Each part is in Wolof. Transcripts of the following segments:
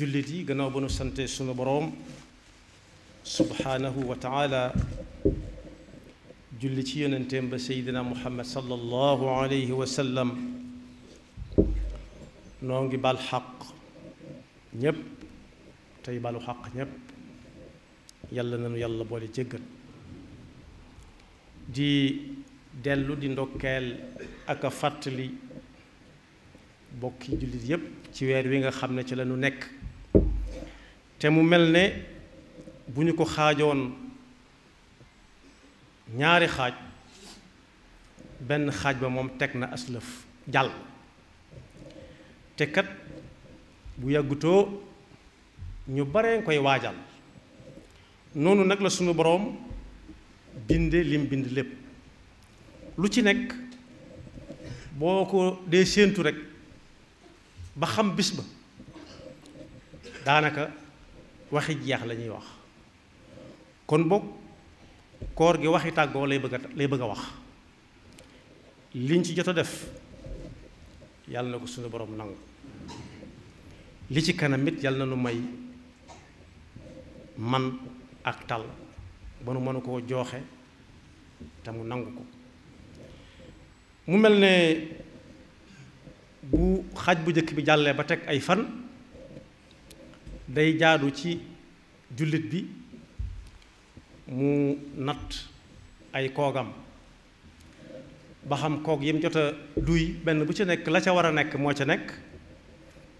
jullit yi gannaaw ba nu sante sunu boroom subhaanahu wa taala julli ci yonenteem ba seydina muhammad sallallahu alayhi wa sallam noo ngi bal xaq ñépp tey balu xaq yàlla nanu yàlla boole jéggal di dellu di ndokkeel ak fàttali bokki jullit yépp ci weer wi nga xam ne ci la ñu nekk te mu mel ne bu ñu ko xaajoon ñaari xaaj benn xaaj ba moom teg na aslëf jàll te kat bu yàggutoo ñu bare nga koy waajal noonu nag la sunu boroom binde lim bind lépp lu ci nekk boo ko dee séentu rekk ba xam bis ba daanaka waxi jeex la ñuy wax kon boog koor gi waxi tàggoo lay bëgg lay bëgg a wax liñ ci jot a def yàlla na ko suñu borom nangu li ci kanam it yàlla na lu may man ak tal ba nu mënu koo jooxe te mu nangu ko mu mel ne bu xaaj bu njëkk bi jàllee ba teg ay fan day jaadu ci jullit bi mu natt ay koogam ba xam koog yim jot a duy benn bu ca nekk la ca war a nekk moo ca nekk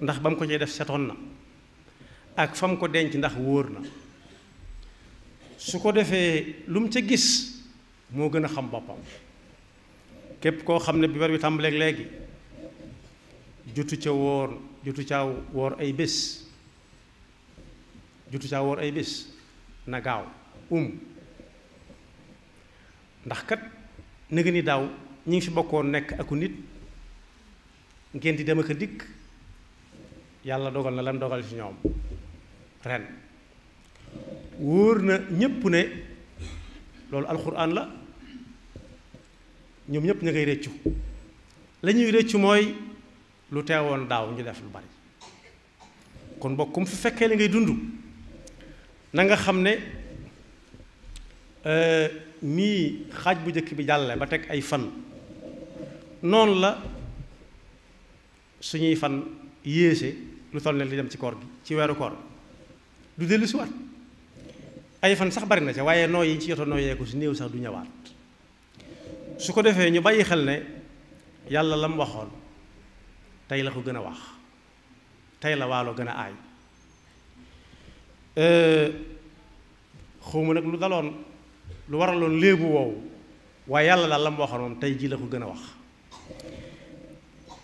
ndax ba mu ko cay def setoon na ak fa mu ko denc ndax wóor na su ko defee lu mu ca gis moo gën a xam boppam képp koo xam ne bi weer wi tàmbaleeg léegi jutu ca wóor jotu caa wóor ay bés jutu caa woor ay bés na gaaw um ndax kat nëgë ni daaw ñi ngi fi bokkoon nekk aku nit ngeen di dem ak a dikk yàlla dogal na lam dogal ci ñoom ren wóor na ñépp ne loolu alxuraan la ñoom ñépp ña ngay réccu la ñuy mooy lu teewoon daaw ñu def lu bari kon bokkum fi fekkee li ngay dund na nga xam ne mii euh, xaaj bu njëkk bi jàlle ba teg ay fan noonu la suñuy fan yéese lu toll ne li dem ci koor gi ci weeru koor du dellu si waat ay fan sax bari na ca waaye nooy yi ci yoto nooyee ko si néew sax du ñëwaat su ko defee ñu bàyyi xel ne yàlla la mu waxoon tey la ko gën a wax tey la waalo gën a aay Euh, xaw ma nag lu daloon lu waraloon léebu woowu waaye yàlla daal la mu waxoon moom tey jii la ko gën a wax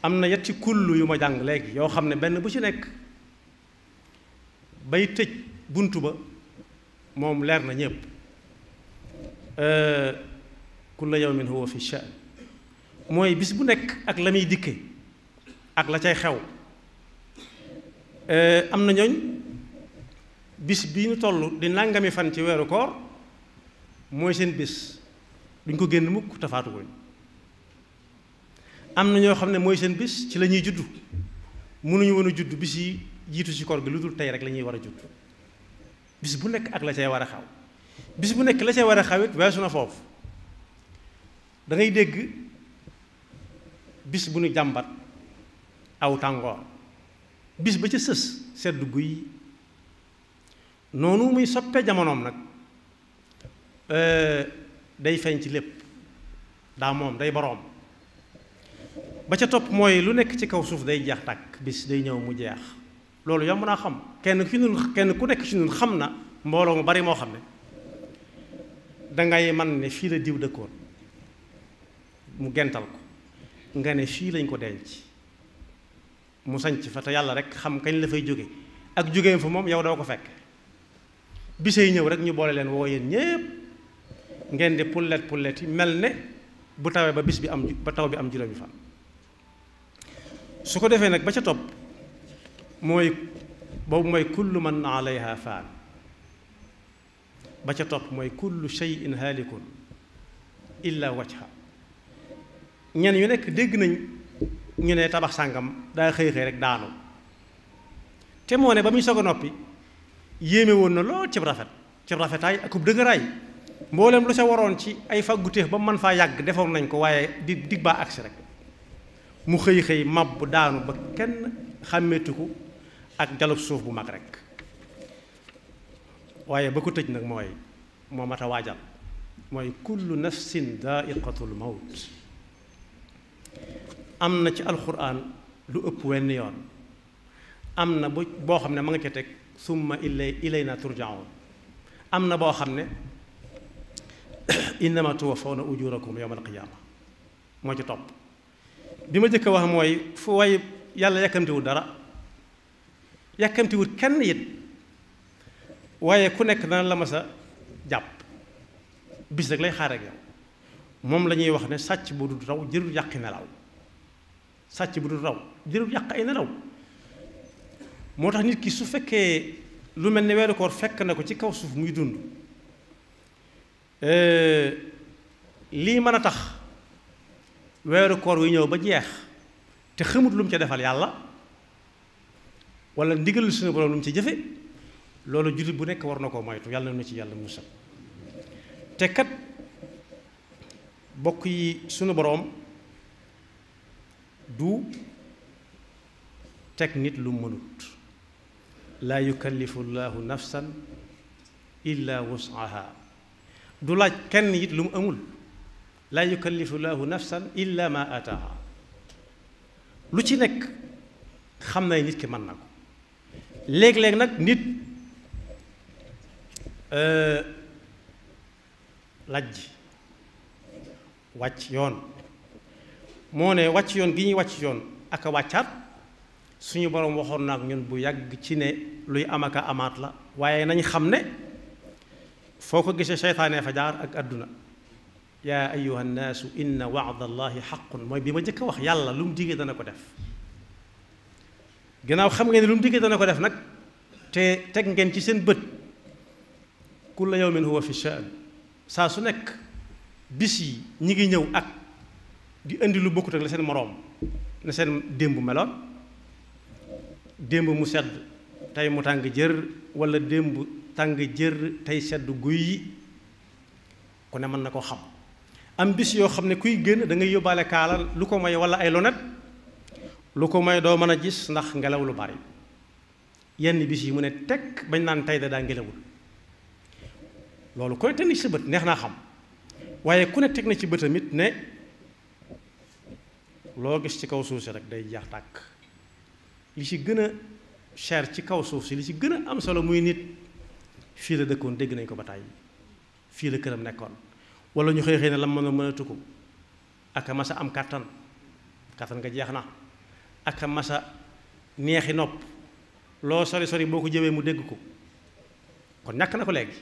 am na yetti kullu yu ma jàng léegi yoo xam ne benn bu ci nekk bay tëj bunt ba moom leer na ñépp euh, kulla yawmin huwa fi sha'n mooy bis bu nekk ak la muy dikke ak la cay xew euh, am na ñooñ bis bii ñu toll di nangami fan ci weeru koor mooy seen bis duñ ko génn mukk tafaatu ko am na ñoo xam ne mooy seen bis ci la ñuy judd mënuñu woon a juddu bis yi jiitu ci koor gi lu dul tey rek la ñuy war a judd bis bu nekk ak la cay war a xaw bis bu nekk la cay war a xaw it weesu na foofu dangay dégg bis bu ñu jàmbat aw tàngoor bis ba ca sës sedd guy noonu muy soppe jamonoom nag eh, day feeñ ci lépp daa moom day boroom ba ca topp mooy lu nekk ci kaw suuf day jeex tàkk bis day ñëw mu jeex loolu yomb naa xam kenn fi kenn ku nekk ci ñun xam na mbooloo mu bari moo xam ne dangay man ne fii la diw dëkkoon mu gental ko nga ne fii lañ ko denc mu sanc fa te yàlla rek xam kañ la fay jóge ak jógeem fa moom yow doo ko fekk bisay ñëw rek ñu boole leen woo yéen ñépp ngeen di pullet pullet yi mel ne bu tawee ba bis bi am ba taw bi am juróomi fa su ko defee nag ba ca topp mooy boobu mooy kullu man alayha faan ba ca topp mooy kullu shay'in haalikun illa wajha ñen yu nekk dégg nañ ñu ne tabax sàngam daa xëy xëy rek daanu te moo ne ba muy soog a noppi yéeme woon na lool cib rafet cib rafetaay akub dëgëraay mboolem lu sa waroon ci ay fagguteef ba man faa yàgg defoon nañ ko waaye di dig baa agsi rek mu xëy xëy mab daanu ba kenn xàmmeetiku ak jalub suuf bu mag rek waaye ba ko tëj nag mooy moo mat a waajal mooy kullu nafsin daa'iqatul mawt am na ci alxuraan lu ëpp wenn yoon am na bu boo xam ne ma nga ca teg summa ilay ilayna turjaun am na boo xam ne innama tuwaffawna ujurakum yawmal qiyaama moo ci topp bi ma jëkk wax mooy foo way yàlla yàkkamtiwul dara yàkkamtiwul kenn it waaye ku nekk dana la masa jàpp bis rek lay xaar ak yow moom la ñuy wax ne sàcc bu dul raw jërul yàqi nelaw sàcc bu dul raw jërul yàq ay nelaw moo tax nit ki su fekkee lu mel ni weeru koor fekk na ko ci kaw suuf muy dund eh, lii mën a tax weeru koor wi ñëw ba jeex te xamut lum mu ca defal yàlla walla ndigalul suñu borom lum mu ci jëfe loolu jullit bu nekk war na ko moytu yàlla na ci yàlla musal te kat bokk yi sunu boroom du teg nit lu mënut laa yukallifu llaahu nafsan illa wus'aha du laaj kenn it lu mu amul laa yukallifu llaahu nafsan illa ma ataaha lu ci nekk xam na nit ki mën na ko léeg-léeg nag nit euh, lajj wàcc yoon moo ne wàcc yoon gi ñuy wàcc yoon ak a suñu borom waxoon na ak ñun bu yàgg ci ne luy amaka amaat la waaye nañ xam ne foo ko gisee seytaanee fa jaar ak àdduna yaa ayuha nnaasu inna waadallahi xaqun mooy bi ma njëkk a wax yàlla lu mu digee dana ko def gannaaw xam nga ne lu mu digee dana ko def nag te teg ngeen ci seen bët kulla yawmin huwa fi sha'n saa su nekk bis yi ñi ngi ñëw ak di indi lu bokkut ak la seen moroom na seen démb meloon démb mu sedd tey mu tàng jër wala démb tàng jër tey sedd guy yi ku ne mën na ko xam am bis yoo xam ne kuy génn da yóbbaale kaala lu ko may wala ay lonet lu ko may doo mën a gis ndax ngelaw lu bari yenn bis yi mu ne tekk bañ naan tey da daa ngelawul loolu ku ne teg na ci bët neex naa xam waaye ku ne teg na ci bëtamit ne loo gis ci kaw suusi rek day jeex tàkk li ci gën a cher ci kaw suuf si li ci gën a am solo muy nit fii la dëkkoon dégg nañ ko ba tàyyi fii la këram nekkoon wala ñu xëy xëy ne la mën a ko a ak a masa am kàttan kàttan nga jeex na ak a masa neexi nopp loo sori sori boo ko jëwee mu dégg ko kon ñàkk na ko léegi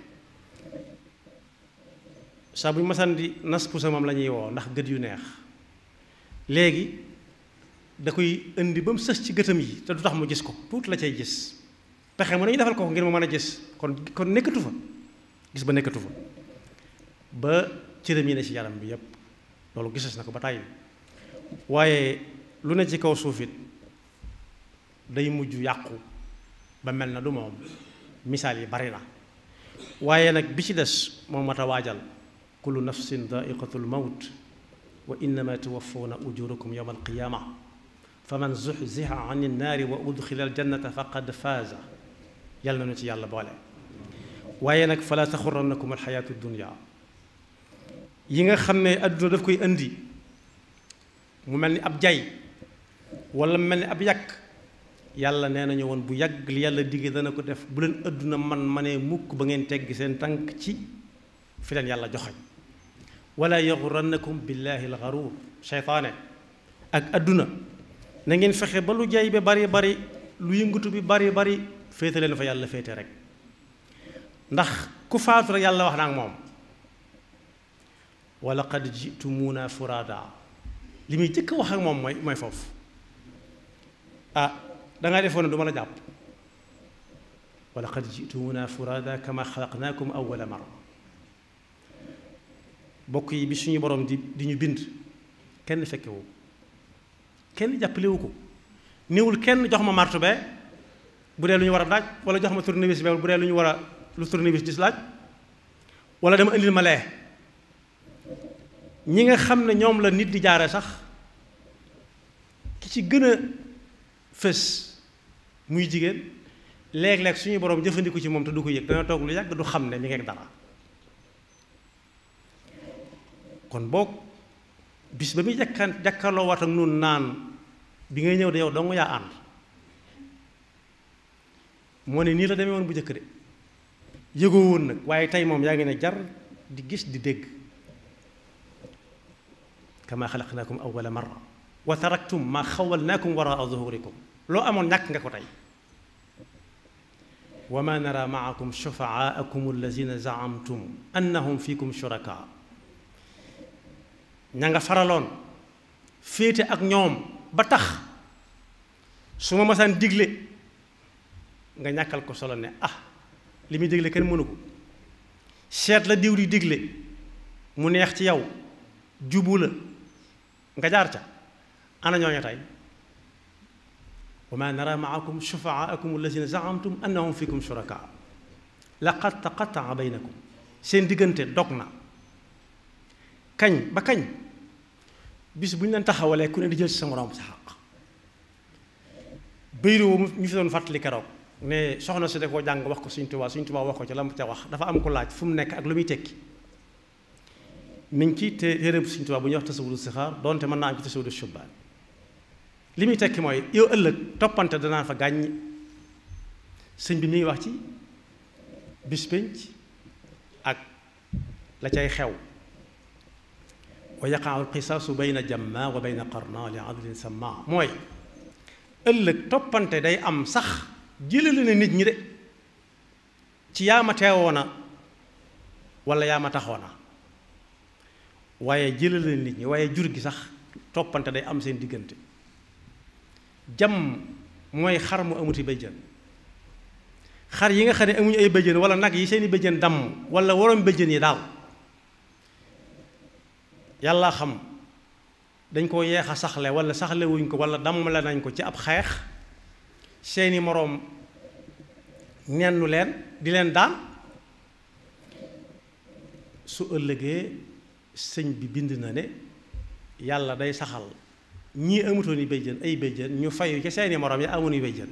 saa bu ñu masaan di nas pusamam la ñuy woo ndax gët yu neex léegi da koy indi ba mu sës ci gëtam yi te du tax mu gis ko tuuti la cay gis pexe mu ne defal ko ngir mu man a gis kon kon nekkatu fa gis ba nekkatu fa ba cëram yi ne ci yaram bi yépp loolu gisas na ko ba tàyyi waaye lu ne ci kaw suuf day mujj yàqu ba mel na du moom misaal yi bari na waaye nag bi ci des moom mat a waajal kullu nafsin daiqatul mawt wa innama tuwaffawna ujuurakum yawma alqiyaama faman zuxziha ani naari wa udxila aljannata faqad faaza yal na nu ci yàlla boole waaye nag fala taxurrannakum alxayaatu dunya yi nga xam ne adduna daf koy indi mu mel ni ab jay wala mu mel ni ab yàq yàlla nee nañu woon bu yàgg li yàlla digge dana ko def bu leen àdduna man manee mukk ba ngeen teggi seen tànk ci fi leen yàlla joxoñ wala yaxurannakum billahi alxaruur seytaane ak adduna na ngeen fexe ba lu jay bi bari bari lu yëngatu bi bari bari féete leen fa yàlla féete rek ndax ku faatu rek yàlla wax na ak moom wa laqad jitumuna furada li muy jëkk wax ak moom mooy mooy foofu ah dangay defoon du ma la jàpp wa laqad jitumuna furada kama xalaqnaakum awwala marra bokk yi bi suñu borom di di ñu bind kenn fekkewu kenn jàppalewu ko néewul kenn jox ma martu be bu dee lu ñu war a laaj wala jox ma tournevis be bu dee lu ñu war a lu tournevis dis wala dama indil ma lee ñi nga xam ne ñoom la nit di jaare sax ki ci gën a fës muy jigéen léeg-léeg suñu borom jëfandiku ci moom te du ko yëg dana toog lu yàgg du xam ne mi ngi ak dara kon boog bis ba muy jàkkaan jàkkaarloo waat ak nun naan bi ngay ñëw de yow dong yaa ànd moo ne nii la demee bu jëkk de yëgoo woon nag waaye tey moom yaa ngi ne jar di gis di dégg kama xalaqnaakum awwala marra wa taraktum ma xawalnaakum waraa zuhurikum loo amoon ñàkk nga ko tey wa ma nara maakum shufaaakum allazina zaamtum annahum fikum shurakaa ña nga faraloon féete ak ñoom ba tax su ma masaan digle nga ñàkkal ko solo ne ah li muy digle kenn mënu ko seet la diw di digle mu neex ci yow jubu la nga jaar ca ana ñooñu tey wa ma nara maakum shufaaakum allazina zaamtum annahum fikum shurakaa laqad taqataa baynakum seen diggante dog na kañ ba kañ bis bu ñu leen taxawalee ku ne di jël ci sa moroom sa xaq bayru ñu fi doon fàttali keroog ne soxna si da koo jàng wax ko Sëriñ Tuubaa Sëriñ Tuubaa wax ko ci la mu ca wax dafa am ko laaj fu mu nekk ak lu muy tekki mi ngi ci téere bu Sëriñ Tuubaa bu ñuy wax tasawudu sixaar donte mën naa am ci tasawudu shubbaan li muy tekki mooy yow ëllëg toppante danaa fa gàññ sëñ bi mi ngi wax ci bis pénc ak la cay xew wa yaqaaw alqisaasu bayna jamma wa bayna qarna li adlin samma mooy ëllëg toppante day am sax jëlale na nit ñi de ci yaa wala yaa ma taxoona waaye jëlale na nit ñi waaye jur gi sax toppante day am seen diggante jam mooy xar mu amuti bëjjën xar yi nga xam ne amuñu ay bëjjën wala nag yi seeni bëjjën damm wala waroom bëjjën yi daal yàlla xam dañ ko yeex a saxle wala saxlewuñ wuñ ko wala dammale nañ ko ci ab xeex seeni moroom nennu leen di leen daan su ëllëgee sëñ bi bind na ne yàlla day saxal ñii amutoon yi béyjën ay béyjën ñu fayu ca seeni moroom ya amoon yi béyjën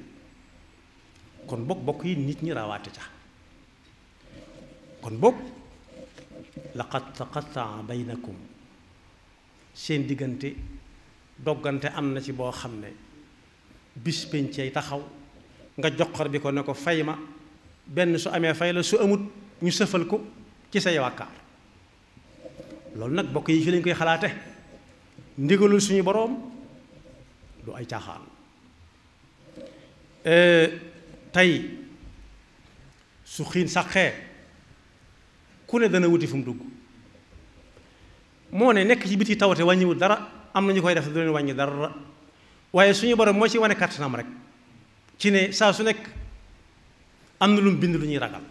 kon bokk bokk yi nit ñi rawaate ca kon bokk laqad taqataa baynakum seen diggante doggante am na ci boo xam ne bis pencey taxaw nga joxor bi ko ne ko fay ma benn su amee fay la su amut ñu sëfal ko ci say wàkkaar loolu nag bokk yi fi lañ koy xalaate ndigalul suñu boroom du ay caaxaan tey su xiin saxee ku ne dana wuti fu mu dugg moo ne nekk ci biti tawate wàññiwul dara am na ñu koy def du leen wàññi dara waaye suñu borom moo ci wane kàttanam rek ci ne saa su nekk am na lu mu bind lu ñuy ragal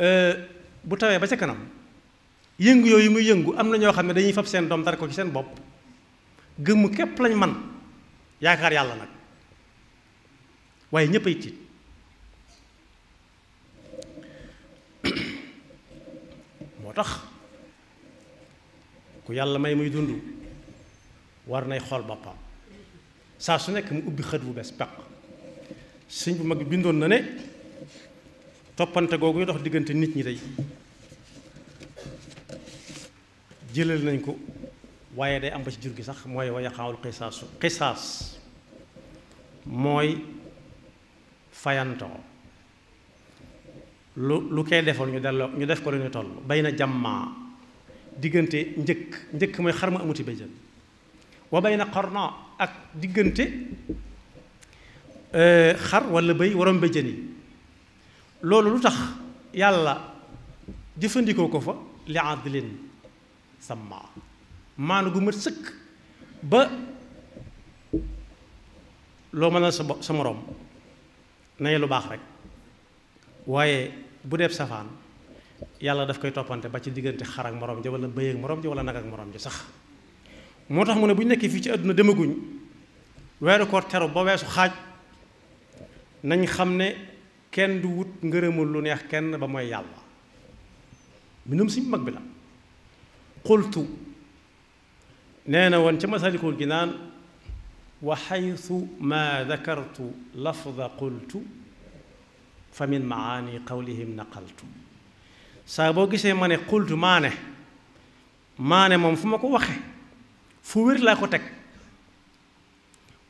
euh, bu tawee ba ca kanam yëngu yooyu muy yëngu am na ñoo xam ne dañuy fab seen doom dara ko ci seen bopp gëmm képp lañ man yaakaar yàlla nag waaye ñëpp ay tiit tax ku yàlla may muy dund war nay xool boppam saa su nekk mu ubbi xët bu bees peq sëñ bu mag bi bindoon na ne toppante googu dox diggante nit ñi tey jëlal nañ ko waaye day am ba ci jur gi sax mooy way xaawul xisaasu xisaas mooy fayantoo lu lu koy defoon ñu delloo ñu def ko lu ñu toll bay na jàmmaa diggante njëkk njëkk mooy xar ma amuti béjjën wa bay na xornoo ak diggante euh, xar walla béy waroon béjjën yi loolu lu tax yàlla jëfandikoo ko fa li adlin samma maanu gu mat sëkk ba loo mënal sa sa moroom nañu lu baax rek waaye bu dee safaan yàlla daf koy toppante ba ci diggante xarak ak morom ja wala bëy ak morom ja wala nag ak ja sax moo tax mu ne bu ñu nekkee fii ci àdduna demaguñ weeru koor teru ba weesu xaaj nañ xam ne kenn du wut ngërëmul lu neex kenn ba mooy yàlla mbindum suñ mag bi la qultu nee na woon ca masalikul gi naan wa xaytu maa dakartu lafda fa min maani qawlihim naqaltu saa boo gisee ma ne xultu maa maane moom fu ma ko waxee fu wér laa ko teg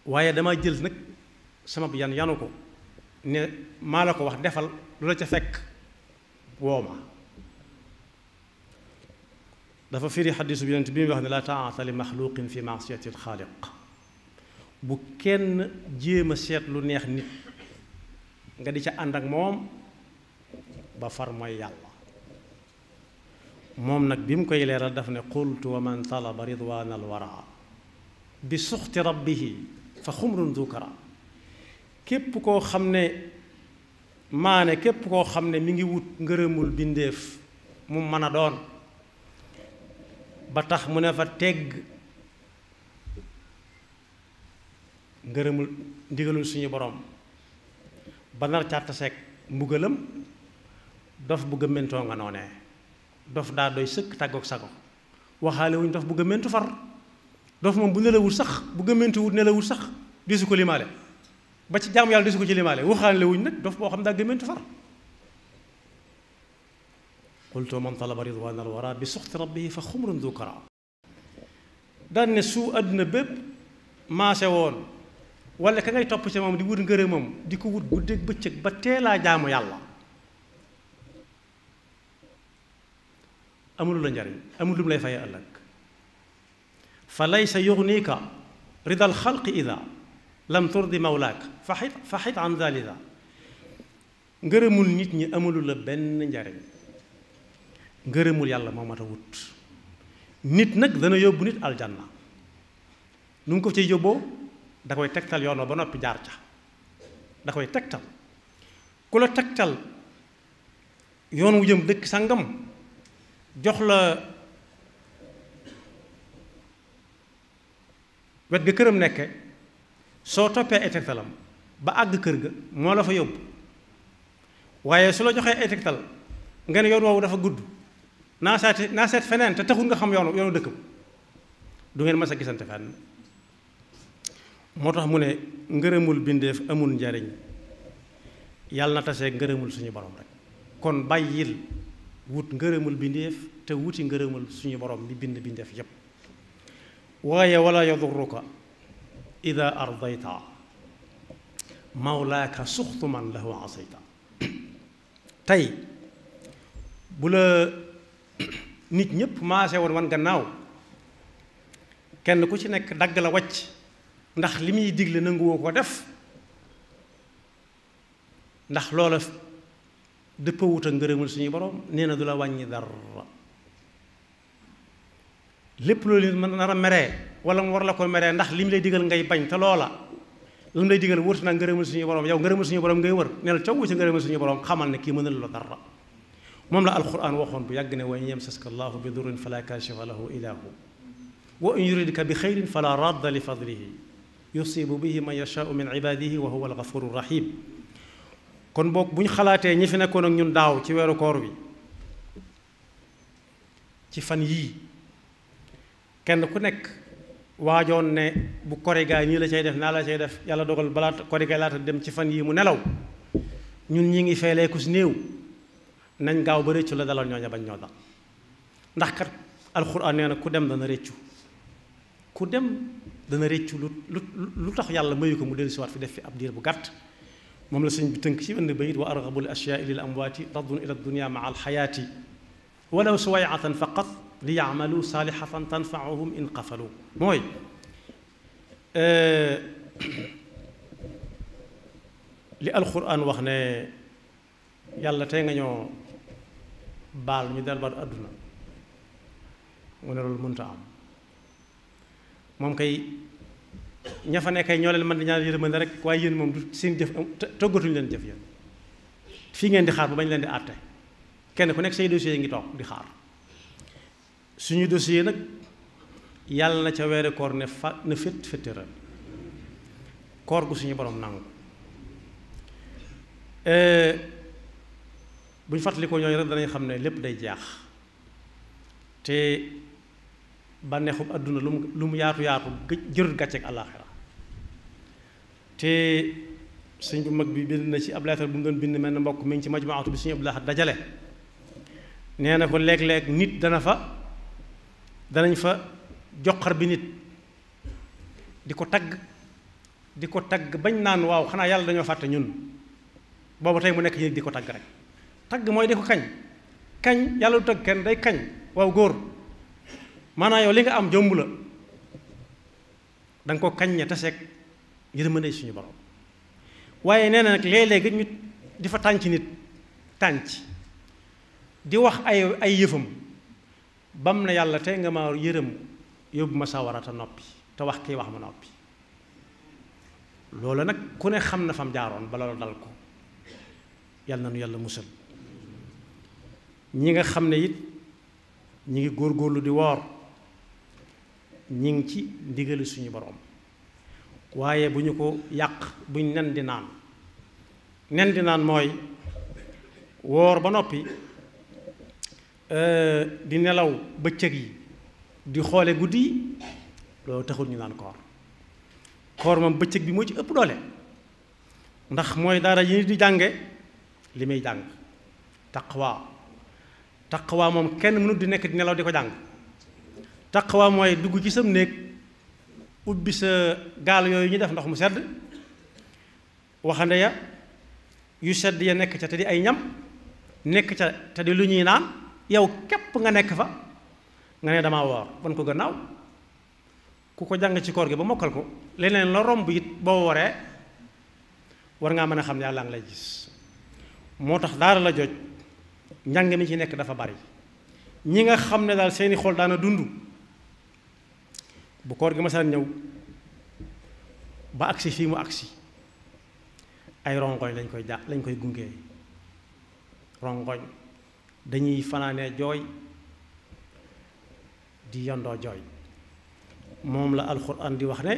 waaye dama jël nag sama yan yanu ko ne maa la ko wax defal lu la ca fekk woow ma dafa firi xaddisu bi bi muy wax ne laa taata li maxluqin fi maasiyati alxaaliq bu kenn jéem a seet lu neex nit nga di ca ànd ak moom ba far mooy yàlla moom nag bi mu koy leeral daf ne qultu wa man talaba ridwana alwara bi suxti rabbihi fa xumrun dukara képp koo xam ne maane képp koo xam ne mi ngi wut ngërëmul bindéef mu mën a doon ba tax mu ne fa tegg ngërëmul ndigalul suñu boroom ba nar càtt seek mbugalam dof bu gëmmentoo nga noonee dof daa doy sëkk tàggoog sago waxaale wuñ dof bu gëmmentu far dof moom bu nelawul sax bu gëmmentuwut nelawul sax disu ko limaale ba ci jaamu yàlla disu ko ci limaale waxaale wuñ nag dof boo xam daa gëmmentu far qultu man talaba ridwan alwara bi suxti rabbihi fa xumrun du kara daan ne su àdduna bépp maase woon wala ka ngay topp ca moom di wut ngërëmam di ko wut guddeeg bëccëg ba teelaa jaamu yàlla amul la njariñ amul lu mu lay faye ëllëg fa laysa faxit faxit an dalida ngërëmul nit ñi amulul benn njariñ ngërëmul yàlla moo mat a wut nit nag dana yóbbu nit aljanna nu ngi ko ci yóbboo da koy tegtal yoon wa ba noppi jaar ca da koy tegtal ku la tegtal yoon wu jëm dëkk sangam jox la wet ga këram nekke soo toppee ay tegtalam ba àgg kër ga moo la fa yóbbu waaye su la joxee ay tegtal nga yoon woowu dafa gudd naa seeti naa seet feneen te taxul nga xam yoonu yoonu dëkkam du ngeen mës a gisante fenn moo tax mu ne ngërëmul bindeef amul njariñ yàlla na tasee ngërëmul suñu borom rek kon bàyyil wut ngërëmul bindeef te wuti ngërëmul suñu borom bi bind bindeef yépp waaye wala yaduruka ida ardayta mawlaaka suxtu man lahu asayta tey bu la nit ñépp maase woon wan gannaaw kenn ku ci nekk dagg la wacc ndax li muy digle nanguwoo ko def ndax loola dëppawut ak ngërëmal suñu borom nee na du la wàññi dara lépp loolu mën nar a meree wala mu war la ko meree ndax li mu lay digal ngay bañ te loola lu mu lay digal wërtu naa ngërëmal suñu borom yow ngërëmal suñu borom ngay wër nee na cawwu ci ngërëmal suñu borom xamal ne kii mënal la dara moom la alquran waxoon bu yàgg ne wa in yamsaska allahu bi durin fala kashifa lahu illa hu wa in yuridka bi yusibu bihi man yashaau min ibadihi wa huwa alghafuru rahim kon boog bu ñu xalaatee ñi fi nekkoon ñun daaw ci weeru koor bi fan yii kenn ku nekk waajoon ne bu korigaay ñii la cay def naa la cay def yàlla dogal balaa korigaay laata dem ci fan yii mu nelaw ñun ñi ngi feelee ku si néew nañ gaaw ba réccu la daloon ñooña bañ ñoo dal ndax kat alxuraan nee na ku dem dana réccu ku dem dana réccu lu tax yàlla mayu ko mu dellu siwaat fi def fi ab diir bu gàtt moom la sëñ bi tënk ci benn bayit wa argabu l ashyaai lil amwaati raddun ila dunia maa alxayaati walaw suwayatan faqat euh, li yaamalu mooy li alquran wax ne yàlla tey nga ñoo baal ñu delluwaat àdduna mu ne loolu mënta am moom kay ña fa nekk ay ñoo leen mën di mën yërmande rek waaye yéen moom du seen jëf toggatuñu leen jëf yéen fii ngeen di xaar ba bañ leen di àtte kenn ku nekk say dossier ngi toog di xaar suñu dossier nag yàlla na ca weere koor ne fa ne fét féttéral koor gu suñu boroom nangu euh, bu ñu fàttalikoo ñooñu rek danañ xam ne lépp day jaax te bànneexum àdduna lu mu lu mu yaatu yaatu jërul gàcceeg àllaaxira te sëñ bu mag bi bind na ci ab leetar bu mu doon bind mel na mbokk mi ngi ci majmuatu bi sëñ Abdou Lahad dajale nee na ko léeg-léeg nit dana fa danañ fa joxar bi nit di ko tagg di ko tagg bañ naan waaw xanaa yàlla dañoo fàtte ñun booba tey mu nekk yéeg di ko tagg rek tagg mooy di ko kañ kañ yàlla du tagg kenn day kañ waaw góor maanaam yow li nga am jomb la da nga ko kaññe taseeg yërmande suñu borom waaye nee na nag léeg-léeg ñu di fa tànc nit tànc di wax ay ay yëfam bam na yàlla tey nga ma yërëm yóbbu ma sawara te noppi te wax kii wax ma noppi loolu nag ku ne xam na fam jaaroon ba loolu dal ko yàlla na nu yàlla musal ñi nga xam ne it ñi ngi góor góorlu di woor ñi ngi ci ndigali suñu borom waaye bu ñu ko yàq buñ nen di naan nen di naan mooy woor ba noppi euh, di nelaw bëccëg yi di xoole guddi yi loolu taxul ñu naan koor koor moom bëccëg bi moo ci ëpp doole ndax mooy dara yi di jànge li muy jàng taq waa moom kenn mënut di nekk di nelaw di ko jàng taqwa mooy dugg ci sam néeg ubbi sa gaal yooyu ñu def ndox mu sedd waxande ya yu sedd ya nekk ca te di ay ñam nekk ca te di lu ñuy naan yow képp nga nekk fa nga ne dama woor ban ko gannaaw ku ko jàng ci koor gi ba mokkal ko leneen la romb it boo woree war ngaa mën a xam yàlla ngi lay gis moo tax daara la joj njàng mi ci nekk dafa bari ñi nga xam ne daal seeni xool daana dund bu koor gi masaan ñëw ba agsi fii mu agsi ay rongoñ lañ koy jàpp lañ koy gunge rongoñ dañuy fanaanee jooy di yondoo jooy moom la alxuraan di wax ne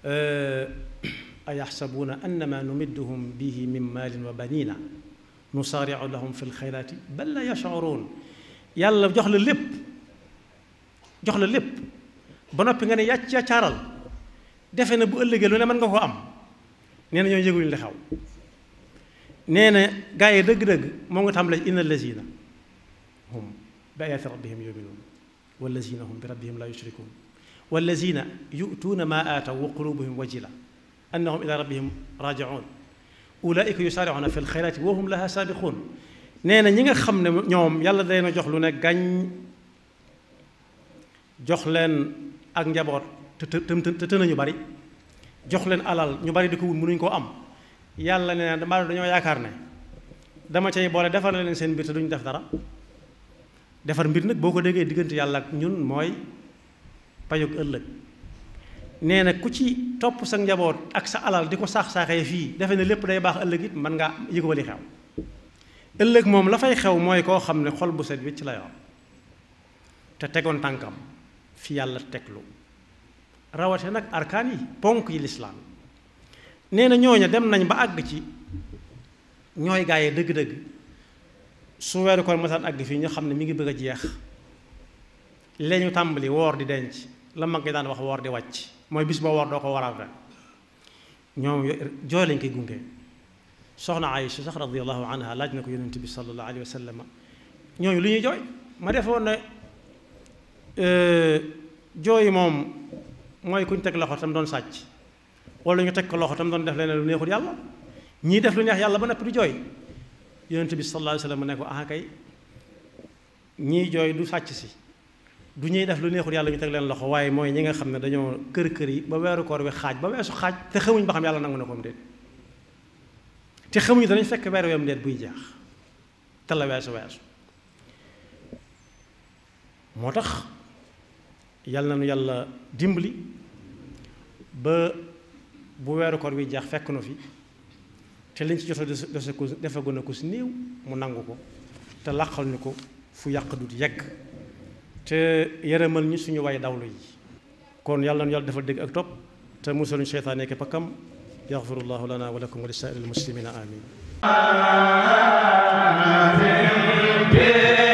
ayaxsabuuna annama numidduhum bihi min maalin wa banina nusaaricu lahum fi lxayraati bal la yashcuruun yàlla jox la lépp jox la lépp ba noppi nga ne yàcc yàccaaral defe na bu ëllëgee lu ne man nga ko am nee na ñoo yëguñu li xaw nee na dëgg-dëgg moo nga tàmbalee inna lazina hum bi ayaati rabbihim yuminuun wallazina hum bi rabbihim laa yushrikuun wallazina yu'tuuna maa aataw wa qulubuhum wajila annahum ila rabbihim raaji'uun ulaa'ika yusaari'uuna fi lxayraati wa hum laha saabiquun nee ñi nga xam ne ñoom yàlla day na jox lu ne gàññ jox leen ak njaboot te te te te nañu bari jox leen alal ñu bari di ko wut mënuñ koo am yàlla ne na damaa dañoo yaakaar ne dama cay boole defar leen seen mbir te duñ def dara defar mbir nag boo ko déggee diggante yàlla ak ñun mooy payug ëllëg nee na ku ci topp sa njaboot ak sa alal di ko saax-saaxee fii defe ne lépp day baax ëllëg it mën ngaa yëgoo li xew ëllëg moom la fay xew mooy koo xam ne xol bu set wicc ci yor te tegoon tànkam fi yàlla teglu rawate nag arkaan yi ponk yi lislaam nee na ñooña dem nañ ba àgg ci ñooy gaayee dëgg-dëgg su weeru koor masaan àgg fii ñu xam ne mi ngi bëgg a jeex lee tàmbali woor di denc la mag ñi daan wax woor di wàcc mooy bis boo woor doo ko waral rek ñoom jooy lañ koy gunge soxna Aïcha sax radiyallahu anha laaj na ko yonent bi sallallahu alayhi wa sallam ñooñu lu ñuy jooy ma defoon ne Euh, jooy moom mooy kuñ teg loxo tam doon sàcc wala ñu teg ko loxo tam doon def leneen lu neexul yàlla ñii def lu neex yàlla ba noppi du jooy yonent bi sallallahu alayhi wa sallam ne ko ah sàcc si du ñuy def lu neexul yàlla ñu teg leen loxo waaye mooy ñi nga xam ne dañoo kër kër yi ba weeru koor wi xaaj ba weesu xaaj te xamuñ ba xam yàlla nangu na koom am déet te xamuñu danañ fekk weer wi am buy jeex te la weesu weesu moo tax. yàlla nañu yàlla dimbali ba bu weeru koor bi jeex fekk na fi te liñ ci jot a dese ko defagu na ko si néew mu nangu ko te làqal ñu ko fu yàq du yegg te yërëmal ñu suñu way dawlu yi kon yàlla nañu yàlla defal dégg ak topp te musaluñu seytaane ki pakkam yaxfirullahu lana wa lakum wa li saa'iril muslimina amin